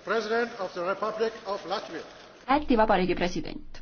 Läti Vabariigi president